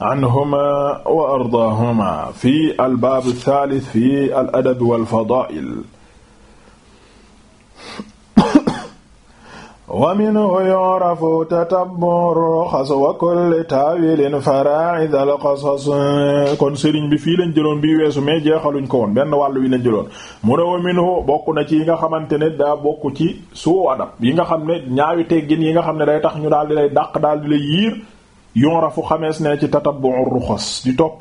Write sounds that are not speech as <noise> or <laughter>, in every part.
anhuma wa ardaahuma fi albaabu thalith fi al adab wal fadaa'il wa minhu yu'rafu tatabbu ruxas wa kulli taawilin faraa'id al qasas kon sëriñ bi fii lañ jëloon bi weesu mais jeexaluñ ko woon benn wàll wi lañ jëloon mu ne wa minhu bokk na ci yi nga xamante ne daa bokk ci suu adab yi nga xam ne ñaawi teggin yi nga xam ne day tax ñu daal di lay dàq daal di lay yiir yorafu xamees ne ci tatabbu'u ruxas di topp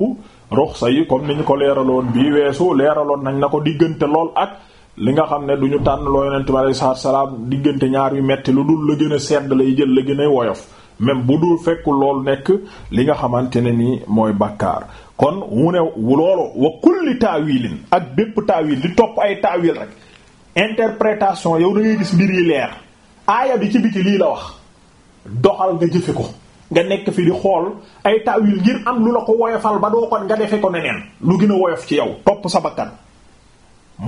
ruxsa yi comme ni ko leeraloon bii weesu leeraloon nañ na ko diggante lool ak li nga xam ne du ñu tànn loo yonent bi alayhi diggante ñaar yu lu dul la gën a sedd lay jël la gën woyof même bu dul fekkul lool nekk li nga xamante ne ni mooy bàkkaar kon mu ne loolu wa kulli taawilin ak bépp taawil di topp ay taawil rek interprétation yow da ngay gis mbir yi leer aaya bi ci biti lii la wax doxal nga jëfe ko nga nekk fi di xool ay taawil ngir am lu la ko woyofal ba doo kon nga defe ko neneen lu gën a woyof ci yow topp sa bakkan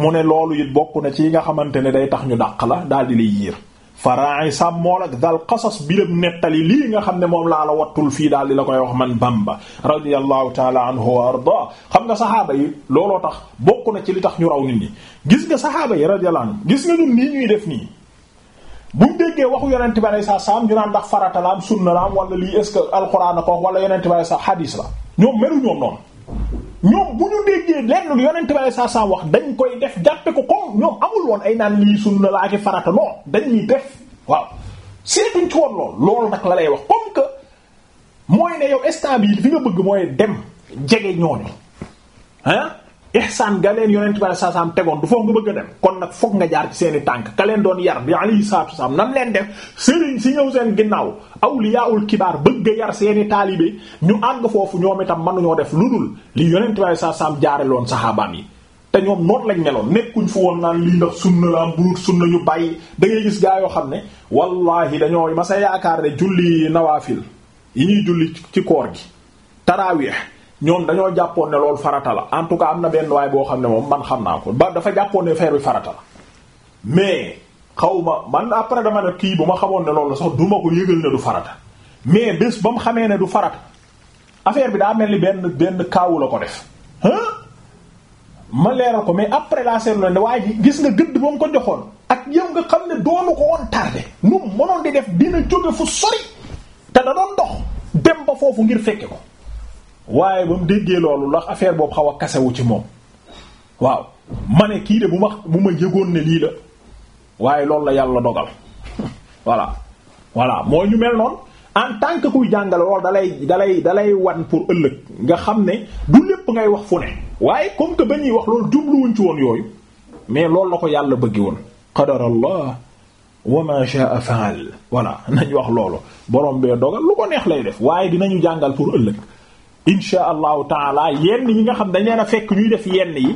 mu ne loolu it bokk na ci yi nga xamante ne day tax ñu dàq la daal di lay yiir faraay sàmmool ak dal qasas bi dem nettali lii nga xam ne moom laa la wattul fii daal di la koy wax man Bamba radiyallahu taala anhu wa arda xam nga saxaaba yi looloo tax bokk na ci li tax ñu raw nit ñi gis nga saxaaba yi radiyallahu gis nga ñun nii ñuy def nii buñ déggee waxu yonent bi saa saam ñu naan ndax farata la am sunna la am wala lii est ce que alxuraan ko wala yonent bi sa xadiis la ñoom melu ñoom noonu ñoom bu ñu déggee lenn yonent bi saa saam wax dañ koy def jàppe ko comme ñoom amul woon ay naan lii sunna la ak farata non dañuy def waaw seetuñ ci woon lool loolu nag la lay wax comme que mooy ne yow instant bii fi nga bëgg mooy dem jege ñooñu ah. ihsaan ga leen yonent bi saa saam tegoon du foog nga bëgg a dem kon nag foog nga jaar ci seen tànk ka leen doon yar bi alayhi salaatu wasalaam nam leen def sëriñ si ñëw seen ginnaaw awul awliyaul kibaar bëgg a yar seen i taalibe ñu àgg foofu ñoom itam mënuñoo def lu dul li yonent bi saa jaare loon saxaabaam yi te ñoom noonu lañ meloon nekkuñ fu woon naan lii ndax sunna la am buur na ñu bàyyi da ngay gis gaa yoo xam ne wallahi dañoo ma sa yaakaar ne julli nawaafil yi ñuy julli ci koor gi taraawiix ñoom dañoo jàppoon ne loolu farata la en tout cas am na benn waay boo xam ne moom man xam naa ko ba dafa jàppoon ne feer bi farata la mais xaw ma man après dama ne kii bu ma xamoon ne loolu la sox duma ko yëgal ne du farata mais bés ba mu xamee ne du farata affaire bi daa mel ni benn benn kaawu la ko def ma leeral ko mais après la seetlu ne waa ji gis nga gëdd ba mu ko joxoon ak yow nga xam ne doonu ko woon tardé nu mënoon di def dina jóge fu sori te da doon dem ba foofu ngir fekke ko waaye ba mu déggee loolu ndax affaire boobu xaw a kasewu ci moom waaw ma ne kii de bu ma bu ma yëgoon ne lii la waaye loolu la yàlla dogal <laughs> voilà voilà moo ñu mel noon en tant que kuy jàngale loolu dalay dalay dalay wan pour ëllëg nga xam ne du lépp ngay wax fu ne waaye comme que ba ñuy wax loolu jubluwuñ ci woon yooyu mais loolu la ko yàlla bëgg woon qadarallah wa ma sha'a fa'al voilà <laughs> nañ wax loolu borom bee dogal lu ko neex lay def waaye dinañu jàngal pour ëllëg insha allahu taala yenn yi nga xam dañ leen a fekk ñuy def yenn yi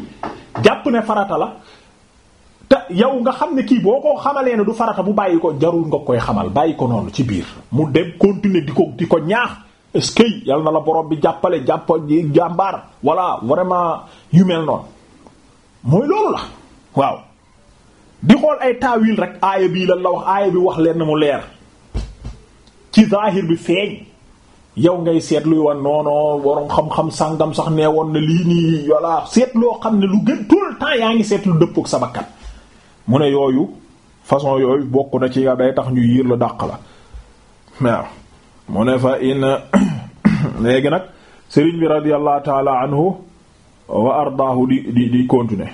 jàpp ne farata la te yow nga xam ne kii boo ko xamalee ne du farata bu bàyyi ko jarul nga koy xamal bàyyi ko noonu ci biir mu dem continuer di ko di ko ñaax est-ce yal na la borom bi jàppale jàpp jàmbaar voilà vraiment yu mel noonu mooy loolu la waaw di xool ay taawil rek aaya bii la la wax aaya bi wax leen mu leer ci zahir bi feeñ yow ngay seetluy wan noonoo borom xam-xam sàngam sax nee woon na lii nii voilà seetloo xam ne lu gën tout le yaa ngi seetlu dëppook sa mu ne yooyu façon yooyu bokk na ci nga day tax ñu yiir lu dàq la waaw mu ne fa in <coughs> léegi nag sëriñ bi radiyallahu taala anhu wa ardaahu di di di continuer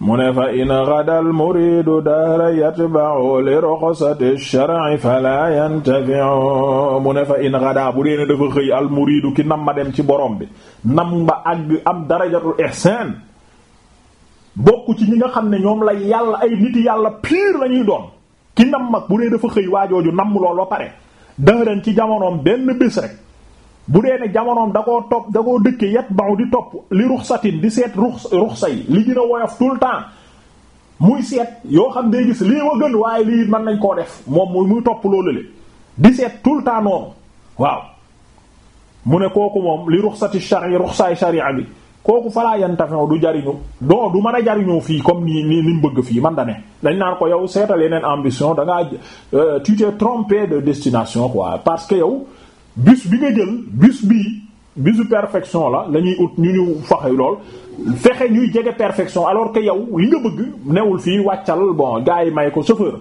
mu ne fa in ghadal muridu daara yatba'u li rukhsati shar'i fala yantafi'u mu ne fa in ghada bu deen dafa xëy al muridu ki nam ma dem ci borom bi nam ba àgg am darajatul ihsan bokk ci ñi nga xam ne ñoom la yàlla ay niti yàlla pire la ñuy ki nam mag bu dee dafa xëy waajooju namm lool ba pare daaran ci jamonoom benn bés rek bu dee ne jamonoom da koo topp da koo dëkke yet baw di topp li ruxsatin di seet rux ruxsa yi li gën a woyof tout le temps muy seet yoo xam day gis lii ma gën waaye lii mën nañ koo def moom muy muy topp loolu le di seet tout le temps noonu waaw mu ne kooku moom li ruxsati shari ruxsaay sharia bi kooku falaa yantafiu du jariñu don du man a jariñoo fii comme nii ni ni mu bëgg fii man da ne dañ naan ko yow seetal yeneen ambition da ngaa euh, tu t'es trompé de destination quoi parce que yow bus bi nga jël bus bi bisu perfection la la ñuy ut ñu ñu foxe lool fexe ñuy jege perfection alors que yow li nga bëgg newul fii wàccal bon gars yi may ko chauffeur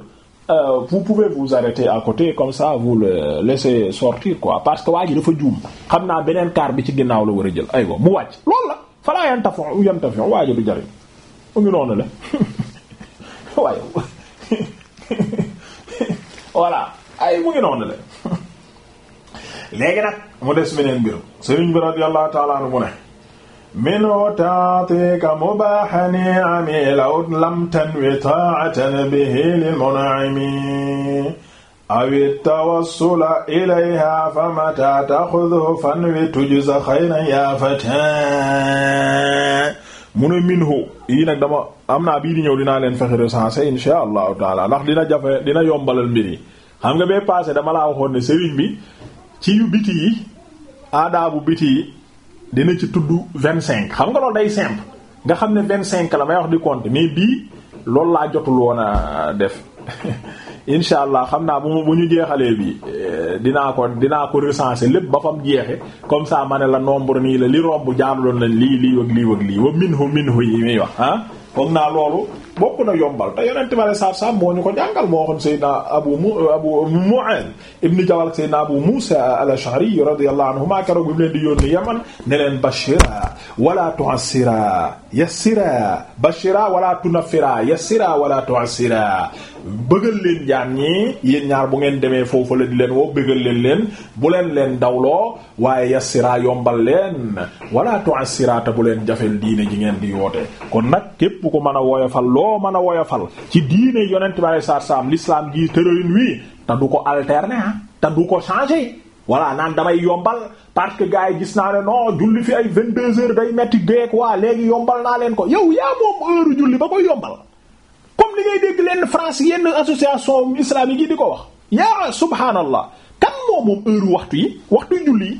euh, vous pouvez vous arrêter à côté comme ça vous le laissez sortir quoi parce que waa ji dafa juum xam naa beneen car bi ci ginnaaw la war a jël ay aywa mu wàcc lool la falaa yan tafo yan tafo waa ji du jariñ mu ngi noonu la <laughs> waaye <laughs> voilà ay mu ngi noonu la léegi nag mu des beneen mbirum sëriñ bi radiyallahu ta'ala anhu mu ne minu taatika mubaaxani ami law lam tanwi taatan bihi lil mun'imi awi tawassula ilayha fa mata taxudu fanwi tujza xayran ya fata mu ne minhu yii nag dama am naa bii di ñëw dinaa leen fexe recenser insha allahu taala ndax dina jafe dina yombalal mbir yi xam bee passé dama laa waxoon ne sëriñ bi ci yu biti yi aadaabu biti yi dina ci tudd vingt cinq xam nga loolu day simple nga xam ne vingt cinq la may wax di compte mais bii loolu laa jotul woon a def <laughs> incha allah xam naa bu bu ñu jeexalee bi eh, dinaa ko dinaa ko recenser lépp ba fam jeexe comme ça ma ne la nombre nii la li romb jaaruloon lañ lii lii wëg lii wëg lii wa minhu minhu yi muy wax ah foog naa loolu bokk na yombal te yonente bi alei satu salaam moo ñu ko jàngal moo waxoon saydna abu mu abu mu'ad ibn anhuma keroog bi mu leen yaman ne bashira wala tu'assira yassira bashira wala tunafira yassira wala tu'assira bëggal leen jaam ñi yéen ñaar bu ngeen demee foofu la di leen woo bëggal leen leen bu leen leen dawloo waaye yassiraa yombal leen wala tu'assiraata bu leen jafel diine ji ngeen di woote kon nag képp ku mën a woyofal loo mën a woyofal ci diine yonent bi alei satu salaam l'islam gi tërëyin wii te du ko alterner ah te du ko changer voilà naan damay yombal parce que gars gis naa ne non julli fi ay 22 heures day metti geek waa léegi yombal naa leen ko yow yaa moom heure julli ba koy yombal li dégg leen France yenn association islamique yi di ko wax yaa subhaanallah kan moo moom heure waxtu yi waxtu yu julli yi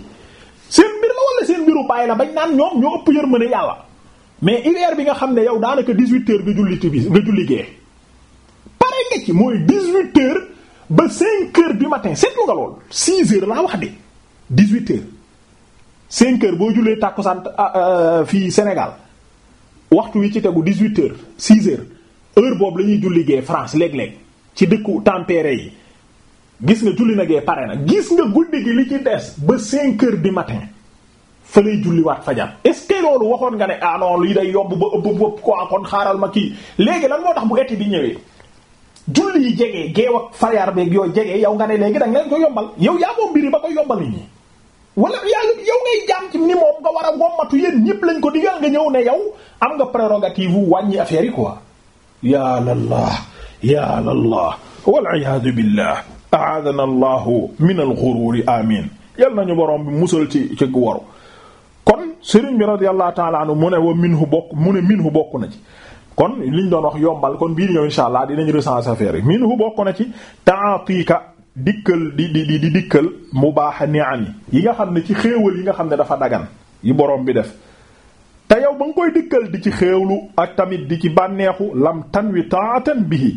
seen mbir la wala seen mbiru bàyyi la bañ naan ñoom ñoo ëpp yërmande yàlla mais hiver bi nga xam ne yow daanaka dix-huit heures nga julli nga julli gee pare nga ci mooy dix-huit heures ba cinq heures du matin seetlu nga lool six heures laa wax de dix-huit heures cinq heures boo jullee ah, euh, fii Sénégal waxtu wi ci tegu dix-huit heures heures heure boobu la ñuy julli gee France léeg-léeg ci dëkku tempéré yi gis nga julli na gee pare na gis nga guddi gi li ci des ba cinq kër du matin fa lay julliwaat fajar est-ce que loolu waxoon nga ne ah yi day yomb ba ëpp ko quoi kon xaaral ma kii léegi lan moo tax bu été bi ñëwee julli yi jege geew ak fajar beeg yooyu jege yow nga ne léegi da nga leen ko yombal yow yaa moom mbiri ba ko yombal nit ñi wala yàlla yow ngay jaam ci ni moom nga war a wommatu yéen ñëpp lañ ko digal ñëw ne yow am nga prérogative wàññi affaire yi quoi. yaa lallah yaa lallah waliyaadu billah ahaadana allahu min alguruuri amin yal nañu boroom bi musal ci ci kon sëriñ bi radiyallahu taala anhu mu ne wa minhu bokk mu ne minhu bokk na ci kon liñ doon wax yombal kon bii di ñëw insha allah dinañ recenser affaire yi minhu bokk na ci taatika dikkal di di di dikkal ni ni'am yi nga xam ne ci xéewal yi nga xam ne dafa dagan yi borom bi def te yow ba nga koy dikkal di ci xéewlu ak tamit di ci bànneexu lam tan wi taatan bihi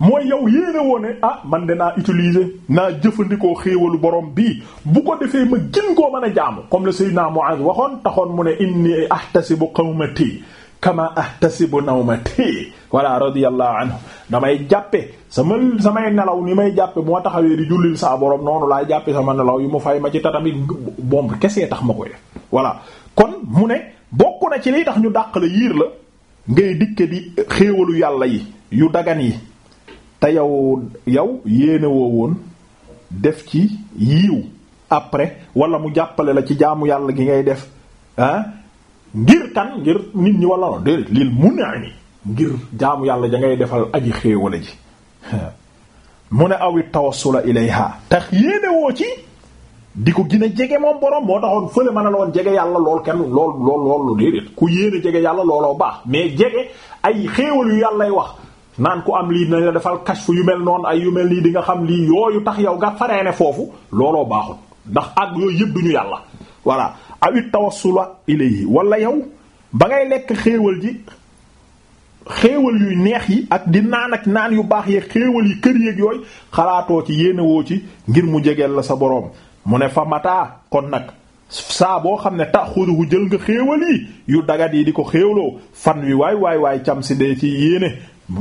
mooy yow yéene woone ah man de naa utiliser naa jëfandikoo xéewalu borom bii bu ko defee ma gin koo mën a jaamu comme le sayyidna Muaz waxoon taxoon mu ne inni ahtasibu qawmati kama ahtasibu nawmati wala radiyallahu anhu damay jàppe sama samay nelaw ni may jàppe moo taxawee di jullil saa borom noonu laay jàppe sama nelaw yi mu fay ma ci tatamit bomb kesee tax ma koy def bokk ci liy tax ñu dàq yiir la ngay dikke di xéewalu yàlla yu dagan yi te yow yow yéene woon def ci yiiw après wala mu jàppale la ci jaamu yàlla gi ngay def ngir kan ngir nit ñi walla noonu déedéet lil mu naa ni ngir jaamu yàlla ja ngay defal aji xéewale ji <laughs> mu ne awit tawassula ilayha tax yéene ci di ko gën a jege moom borom moo taxoon fële man a la woon jege yàlla lool kenn lool lool lool déedéet ku yéene jege yàlla looloo baax mais jege ay xéewal yu yàllay wax naan ku am lii defal kashfu yu mel noonu ay yu mel nii di nga xam lii yooyu tax yow nga faree ne foofu looloo baaxul ndax ak yooyu yëpp duñu yàlla voilà awit tawassula ilayhi wala yow ba ngay lekk xéewal ji xéewal yuy neex yi ak di naan ak naan yu baax yeeg xéewal yi kër yéeg yooyu xalaatoo ci yéene woo ci ngir mu jegeel la sa boroom mu ne fa mataa kon nag saa boo xam ne taxuduhu jël nga xéewal yi yu dagat yi di ko xéewloo fan wi waay waay waay cam si dee ci yéene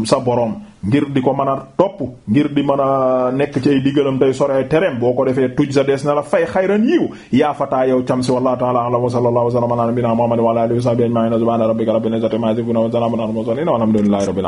sa borom ngir di ko mën a topp ngir di mën a nekk ci ay diggalam tey sore tereem boo ko defee tuj sa des na la fay xayran yiw yaa fataa yow cam si wallahu ta'ala a'lam wa sallallahu wa sallama ala nabina muhammad wa ala wa sahbihi ajma'in subhana rabbika rabbil izzati amma wa salamun ala al mursalin walhamdulillahi rabbil